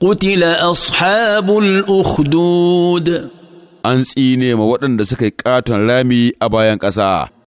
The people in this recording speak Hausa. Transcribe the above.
قتل أصحاب الأخدود أنسيني ما ودن da suka yi katon rami a bayan ƙasa.